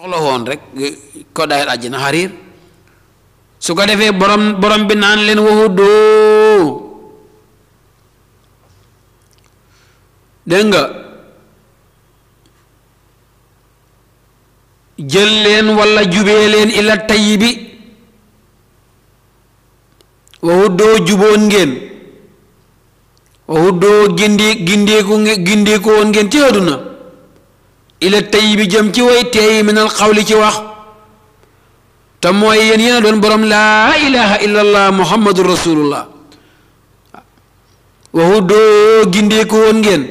soxla woon rek ko daayal xariir su ko defee borom bi naan leen waxu doo dégg nga jël leen walla jubee leen ila tayi bi waxu doo juboon ngeen waxu doo gindi gindiku gindiku woon ngeen ci na ila tey bi jëm ci way teey minal xawli ci wax te mooy yéen yéen doon borom laa ilaha illallah muhammadun rasulullah waxu doo gindeeku woon ngeen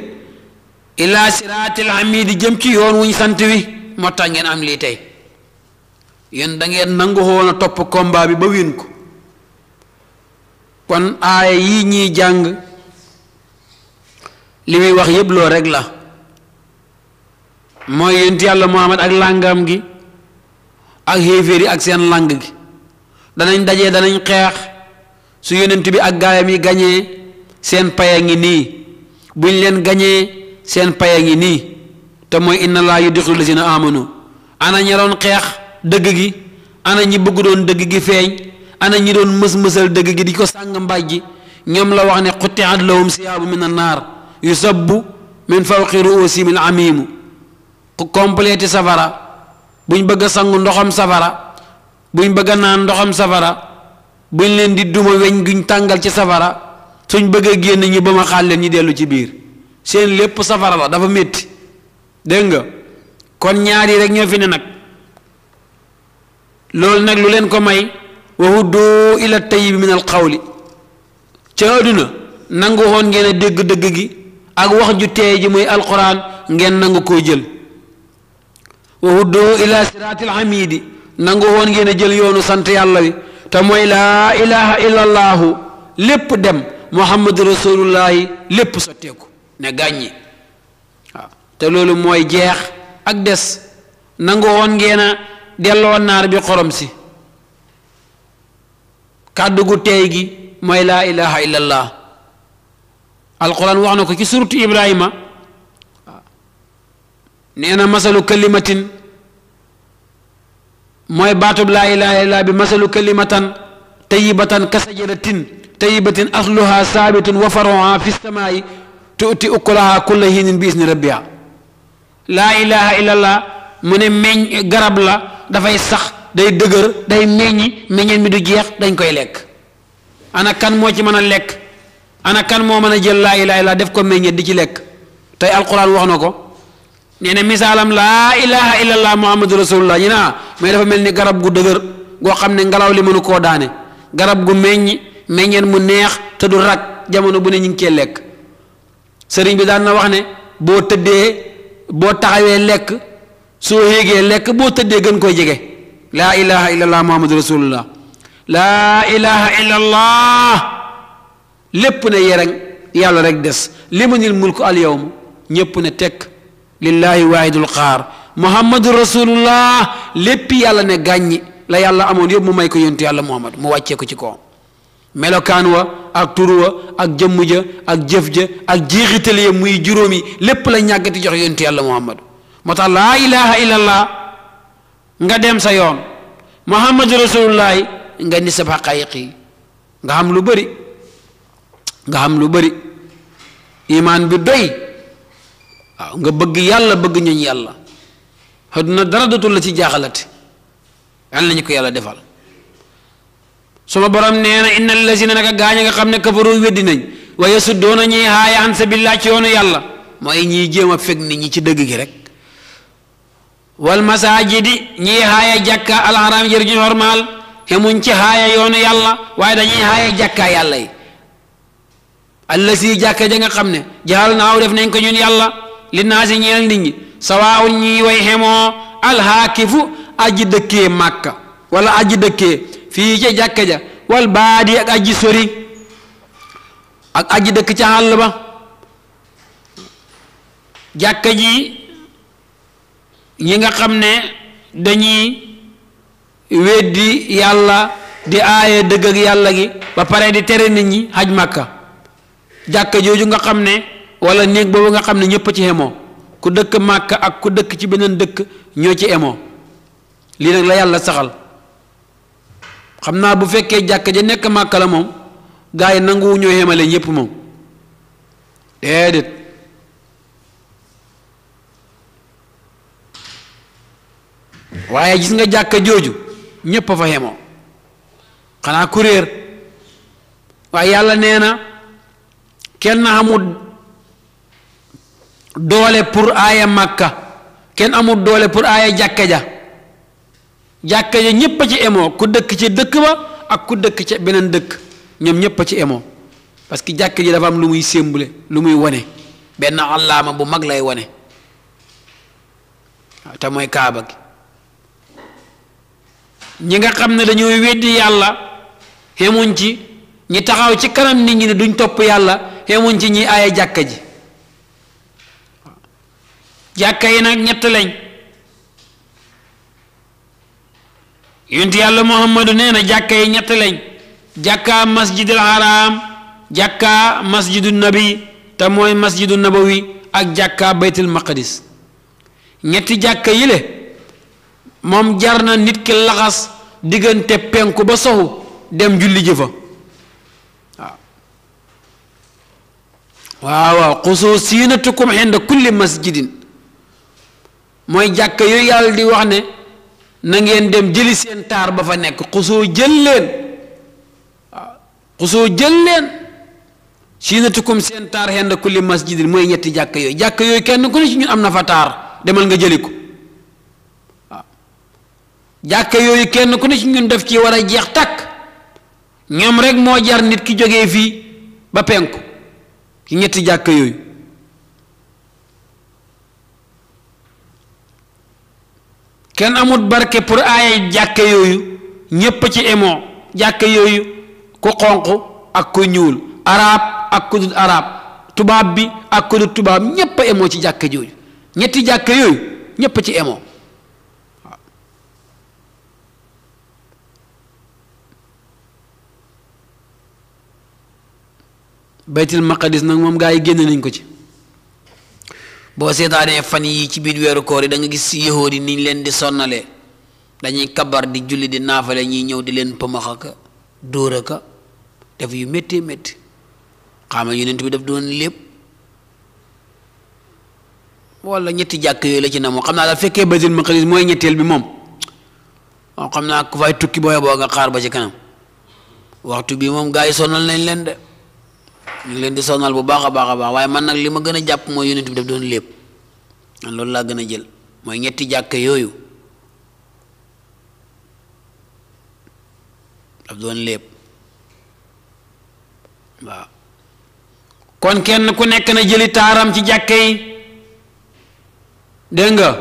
ilaa siraatil hamidi jëm ci yoon wuñ sant wi moo tax ngeen am lii tey yéen da nangu woon topp komba bi ba win ko kon aaya yi ñuy jàng li muy wax yépp loo rek la mooy yent yàlla muhammad ak làngam gi ak xéeféer yi ak seen làng gi danañ daje danañ xeex su yonent bi ak gaayam yi gañee seen paya ngi nii buñ leen gañee seen paya ngi nii te mooy inna laa yudxilu lazina amanu ana ñi doon xeex dëgg gi ana ñi bëgg doon dëgg gi feeñ ana ñi doon mës-mësal dëgg gi di ko sàng mbàjj ji ñoom la wax ne xuttiat lahum siyaabu min annaar yusabbu min fawqi ruusimil amiimu complété safara buñ bëgg a sangu ndoxam safara buñ bëgg naan ndoxam safara buñ leen di duma weñ guñ tàngal ci safara suñ bëgg génn ñi ba ma xaal leen ñi dellu ci biir seen lépp safara la dafa metti dégg nga kon ñaar yi rek ñoo fi ne nag loolu nag lu leen ko may wa huddoo ila tayyib min al qawli ca àdduna nangu woon ngeen a dégg dëgg gi ak wax ju teey ji muy alxuraan ngeen nangu ko jël wa huddoo ila siraatil hamidi nangu woon ngeen a jël yoonu sant yàlla wi te mooy laa ilaha illallaahu lépp dem muhammadu rasulullahi lépp sotteeku ne gàññi waaw te loolu mooy jeex ak des nangu woon ngeen a delloo naar bi xorom si kàddu gu tey gi mooy laa ilaha illallah alquran wax na ko ci suratu ibrahima nee na masalu kalimatin mooy baatub laa ilaaha illaa bi masalu kalimatan tayyibatan kasajaratin tayyibatin asluha saabitun wa faruha fi samaa'i tuuti ukulaha kulla hiinin bi isni rabbiha laa ilaaha illallah mu ne meññ garab la dafay sax day dëgër day meññi meññeen mi du jeex dañ koy lekk ana kan moo ci mën a lekk ana moo mën a jël laa ilaaha illaa def ko meññet di ci lekk tey alquran wax na ko nee misalam la ilaha illallah muhammadur rasulullah ñu na, mais dafa melni garab gu dëgër go xamne ne li mënu koo daane garab gu meññ meññeen mu neex te du rak jamono bu ne ñing ke lek serigne bi daan na wax ne bo teddé bo taxawé lek soo hege lek bo teddé gën koy jégé la ilaha illallah muhammadur rasulullah La ilaha illallah lepp ne yereŋ yalla rek limu mulku al yawm ñepp ne tek lillahi wahidul qahar muhammadur rasulullah lepp yalla ne gagne la yalla amone yob mu may ko yontu yalla muhammad mu wacce ko ci ko melokan wa ak tur wa ak jëmm ja ak jëf ja ak jeexital ye ya muy juromi lepp la ñagati jox yalla muhammad moo la ilaha illallah nga dem sa yoon muhammadur rasulullah nga ni sa lubari nga lubari lu bari nga am lu bari iman bi doy waaw nga bëgg yàlla bëgg ñooñ yàlla àdduna dara dootul la ci jaaxalati yàlla nañu ko yàlla defal suma borom nee na inna lazina naka gaañ nga xam ne kafaru weddi nañ waaye su doona ñuy haaya an ci yoonu yàlla mooy ñiy jéem a fekk ni ñi ci dëgg gi rek wal masajidi ñiy haaya jàkka alxaraam jër ñu normal xemuñ ci haaya yoonu yàlla waaye dañuy haaya jàkkaa yàlla yi allasi jàkka ja nga xam ne jaal naaw def nañ ko ñun yàlla li naasi ñeel nit ñi sawaawun ñuy way xemoo alxaakifu aji dëkkee màkka wala aji dëkkee fii ca jàkka ja wal baadi ak aji sori ak aji dëkk ca àll ba jàkka ji ñi nga xam ne dañuy weddi yàlla di aaye dëgg ak yàlla gi ba pare di tere nit ñi xaj màkka jàkka jooju nga xam ne wala néeg boobu nga xam ne ñëpp ci yemoo ku dëkk màkk ak ku dëkk ci beneen dëkk ñoo ci yemoo lii nag la yàlla saxal xam naa bu fekkee jàkk ja nekk màkk la moom gaa yi nanguwu ñoo yemale ñëpp moom déedéet waaye gis nga jàkk jooju ñépp a fa yemoo xanaa kuréer réer waaye yàlla nee na kenn xamul doole pour aaya màkka kenn amul doole pour aaya jàkka ja jàkka ja ñépp ci émoo ku dëkk ci dëkk ba ak ku dëkk ci beneen dëkk ñoom ñépp ci émoo parce que jàkka ji dafa am lu muy sémbule lu muy wane benn allaama bu mag lay wone waaw te mooy kaaba gi ñi nga xam ne dañooy weddi yàlla xemuñ ci ñi taxaw ci kanam nit ñi ne duñ topp yàlla xemuñ ci ñi aaya jàkka ji jàkka yi nag ñett lañ yonent yàlla muhammadu nee jàkka yi ñett lañ jàkka masjidul haram jàkka masjidu nabi te mooy nabawi ak jàkka baytul maqdis ñetti jàkka yi le moom jar na nit ki laxas diggante penku ba soxu dem julli jëfa waaw waaw xusuusinatukum xinda kulli masjidin mooy jàkk yooyu yàlla di wax ne na ngeen dem jëli seen taar ba fa nekk xusoo jël leen waaw xusoo jël leen siinatukum seen taar xend kulli masjidin mooy ñetti jàkk yooyu jàkk yooyu kenn ku ne ci ñun am na fa taar demal nga jëli ko waaw jàkk yooyu kenn ku ne ci ñun def ci war a jeex takk ñoom rek moo jar nit ki jógee fii ba penku ki ñetti jàkk yooyu kenn amut barke pour aaya jàkke yooyu ñépp ci émoo jàkke yooyu ku xonq ak ku ñuul arab ak ku dul arab tubaab bi ak ku dul tubaab ñépp a ci jàkke yooyu ñetti jàkke yooyu ñépp ci emo waaw baytil maqadis nag moom gaa yi génn nañ ko ci boo seetaanee fan yi ci biir weeru koor yi da nga gis si yahood yi niñ leen di sonnalee dañuy kabar di julli di naafale ñiy ñëw di leen pëmax aka dóor ka def yu méttee métti xaama yonent bi def doon lépp wala ñetti jàkk yooyu la ci namoo xam naa daal fekkee Baytul Maqdis mooy ñetteel bi moom xam naa ku fay tukki booy boo nga xaar ba ci kanam bi moom gaa sonal nañ leen ñu leen di sonal bu baax a baax a baax waaye man nag li ma gën a jàpp mooy yonent bi daf doon lépp man laa gën a jël mooy ñetti jàkka yooyu daf lépp waaw kon kenn ku nekk na jël taaram ci jàkka yi dégg nga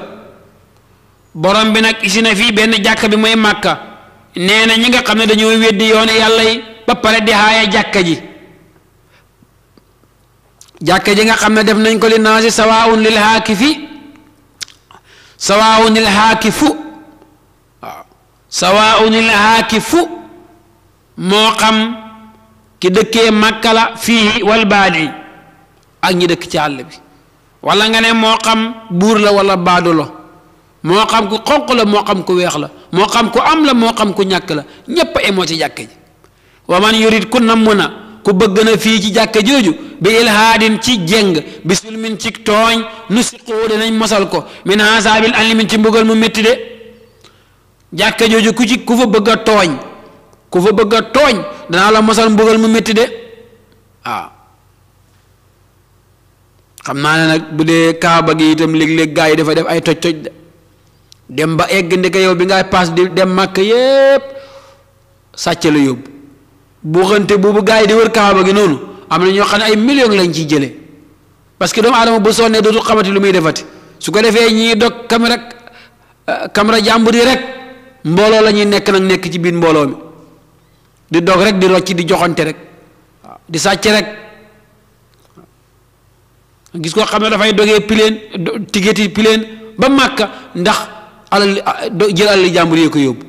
borom bi nag isina fii benn jàkka bi mooy màkka nee na ñi nga xam ne dañoo weddi yoon yàlla yi ba pare di haaya jàkka ji jàkke ji nga xam ne def nañ ko li naasi sawaun lil haakifi sawaun lil haakifu sawaun lil haakifu moo xam ki dëkkee màkka la fii wal baadi ak ñi dëkk ci àll bi wala nga ne moo xam buur la wala baadu la moo xam ku xonq la moo xam ku weex la moo xam ku am la moo xam ku ñàkk la ñépp emoo ci jàkke ji wa man yurid ku namm na ku bëgg na fii ci jàkka jooju bi ilhaadin ci jeng bi sulmin ci tooñ nu siqoo danañ mosal ko min hasaabil alimin ci mbugal mu métti de jàkka jooju ku ci ku fa bëgg tooñ ku fa bëgg a tooñ danaa la mosal mbugal mu metti de waaw xam naa ne nag bu dee kaaba gi itam léeg-léeg gaa yi dafa def ay toj-toj de dem ba egg ndeke yow bi ngay paas di dem makk yépp sàcc la yóbbu buuxante boobu gaa yi di wër kaaba gi noonu am na ñoo xam ne ay millions lañ ciy jëlee parce que doomu aadama bu sonnee dootul xamati lu muy defati su ko defee ñii dog caméra euh, caméra jàmbur yi rek mbooloo la nekk nag nekk ci biir mbooloo mi di dog rek di rocci di joxante rek di sàcc rek gis koo xam ne dafay dogee pileen tigeti pileen ba màkka ndax alal jël alal jàmbur yee ko yóbbu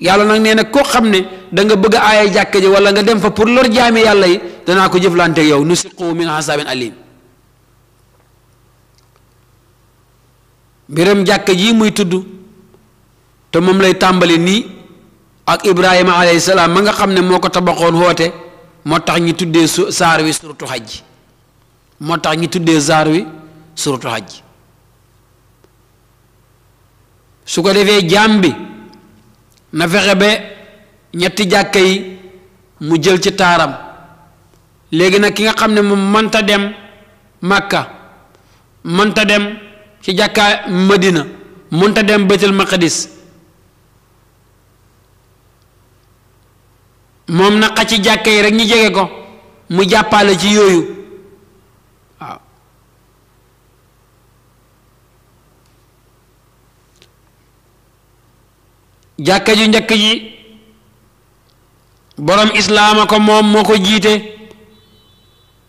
yàlla nag nee na koo xam ne danga nga bëgg a aaya jàkka ji wala nga dem fa pour lor jaami yàlla yi danaa ko jëflante yow nu siqu min xasaabin alim mbiram jàkka ji muy tudd te moom lay tàmbali nii ak ibrahima alayhi salaam ma nga xam ne moo ko tabaxoon woote moo tax ñi tuddee su saar wi suratu xaj moo tax ñi tuddee saar wi suratu xaj su ko defee jaam bi na fexe ba ñetti jàkka yi mu jël ci taaram léegi nag ki nga xam ne moom mënta dem màkka mënta dem ci jàkkaa madina mënta dem baytul maqdis moom na ci jàkka yi rek ñi jege ko mu jàppale ci yooyu waaw jàkka ju njëkk ji borom islaam a ko moom moo ko jiite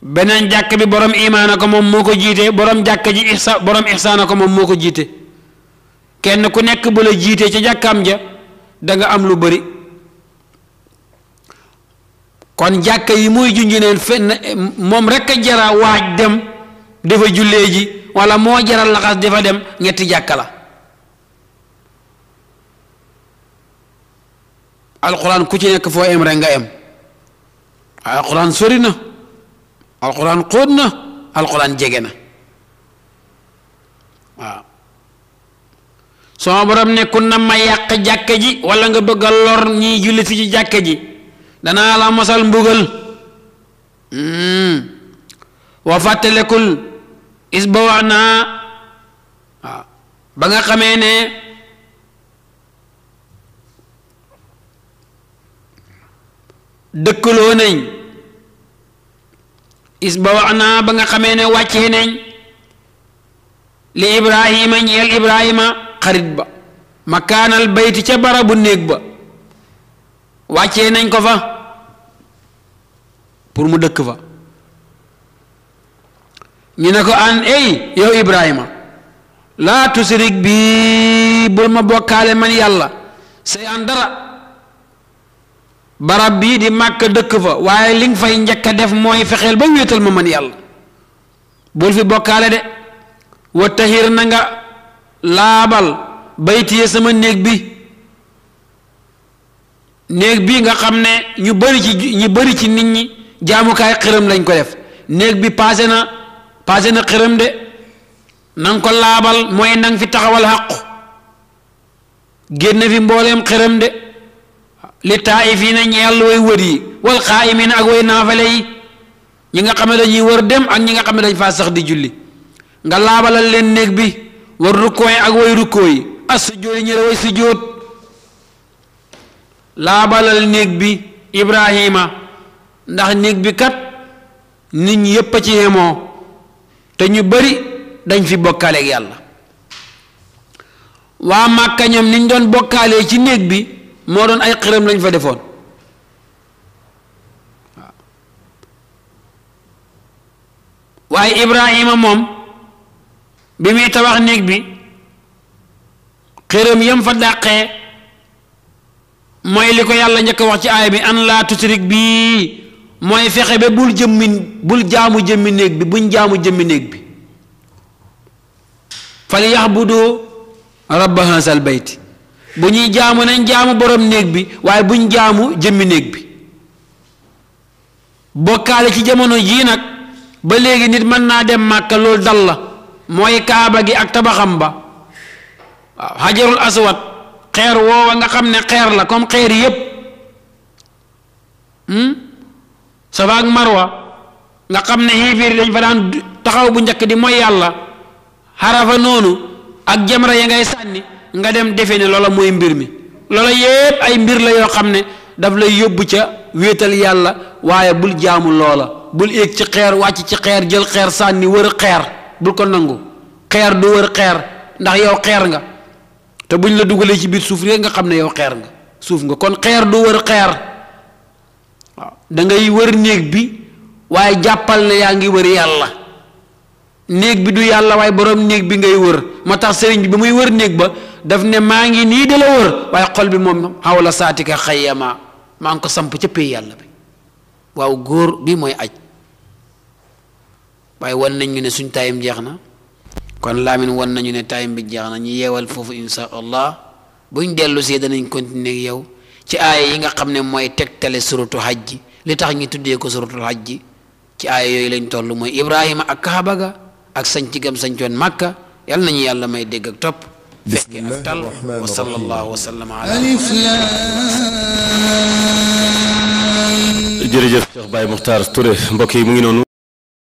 beneen jàkk bi borom imaana ko moom moo ko jiite borom jàkk ji ihsa borom ihsaana ko moom moo ko jiite kenn ku nekk bu la jiitee ca jàkkaam ja danga am lu bari kon jàkk yi muy junj neen fenn moom rek a jara waaj dem dafa jullee ji wala moo jaral laxas dafa dem ñetti jàkka la alquran ku ci nek fo em rek nga em alquran sori na alquran xóot na alquran jege na waaw borom ne ku na ma yak jàkk ji wala nga bëgg lor ñiy julli fi ci ji dana la masal mbugal hmm. wa fatalakul isbawana ba nga dëkkaloo nañ is ba wax naa ba nga xamee ne wàccee nañ li ibrahima ñeel ibrahima xarit ba makaanal bayti ca barabu néeg ba wàcce nañ ko fa pour mu dëkk fa ñu ne ko an ey yow ibrahima laa tusrik bi bul ma bokkaale man yàlla say an dara barab bii di màkk dëkk fa waaye li nga fay njëkk a def mooy fexeel ba wéetal ma man yàlla bul fi bokkaale de wa tahir nanga nga laabal baytiye sama néeg bi néeg bi nga xam ne ñu bëri ci ñu bëri ci nit ñi jaamukaay xërëm lañ ko def néeg bi paase na paase na xërëm de nang ko laabal mooy nanga fi taxawal xàqu génn fi mbooleem xërëm de li taayifiina ñeel way wër yi wal xaayimiina ak way naafale yi ñi nga xam ne dañuy wër dem ak ñi nga xam ne dañ faa sax di julli nga laabalal leen néeg bi war rukkoo yi ak way rukkoo yi as sujjóot yi ñëre way néeg bi Ibrahima ndax néeg bi kat nit ñi yépp a ci te ñu bari dañ fi bokkaaleeg yàlla waa Màkka ñoom niñ doon bokkaalee ci néeg bi moo doon ay xërëm lañ fa defoon waaye ibrahima moom bi muy tabax néeg bi xërëm yam fa dàqee mooy li ko yàlla njëkk wax ci aaya bi an laa tusrik bii mooy fexe ba bul jëmmi bul jaamu jëmmi néeg bi buñ jaamu jëmmi néeg bi fal yaxbudu rabba hasal bayti bu ñuy jaamu nañ jaamu borom néeg bi waaye buñ jaamu jëmmi néeg bi bokkaale ci jamono jii nag ba léegi nit mën naa dem màkka loolu dal la mooy kaaba gi ak tabaxam ba waaw aswat xeer woowa nga xam ne xeer la comme xeer yépp hmm? safa ak marwa nga xam ne xiifiir dañ fa daan taxaw bu njëkk di mooy yàlla xarafa noonu ak jamra ya ngay sànni nga dem defé né lola moy mbir mi lola yépp ay mbir la yo xamné daf lay yobbu ca wétal yalla bul jaamu lola bul ék ci xéer wacc ci xéer jël xéer sanni wër xéer bul ko nangu xéer du wër xéer ndax yow xéer nga té buñ la dugalee ci biir suuf rek nga xamné yow xéer nga suuf nga kon xéer du wër xéer da ngay wër néeg bi waye jappal ne ya ngi wër yalla bi du yalla waye borom néeg bi ngay wër motax sëriñ bi muy wër ba daf ne maa ngi nii di waaye xol bi moom xaw la saatika xayyama maa ko samp ca pay yàlla waaw góor bi mooy aj waaye wan nañu ne suñ taayam jeex na kon laamin wan nañu ne tayim bi jeex na ñu yeewal foofu insha allah buñ dellu see danañ continuer yow ci aaya yi nga xam ne mooy tegtale suratu xaj ji li tax ñu tuddee ko suratul xaj ji ci aaya yooyu lañ toll mooy ibrahima ak kaaba ak sañci gam sañcoon màkka yàlla nañu yàlla may dégg ak topp fekk ak tal wa sallallahu wa sallam ala jërëjëf Cheikh Baye Mokhtar Touré mbokk yi mu ngi noonu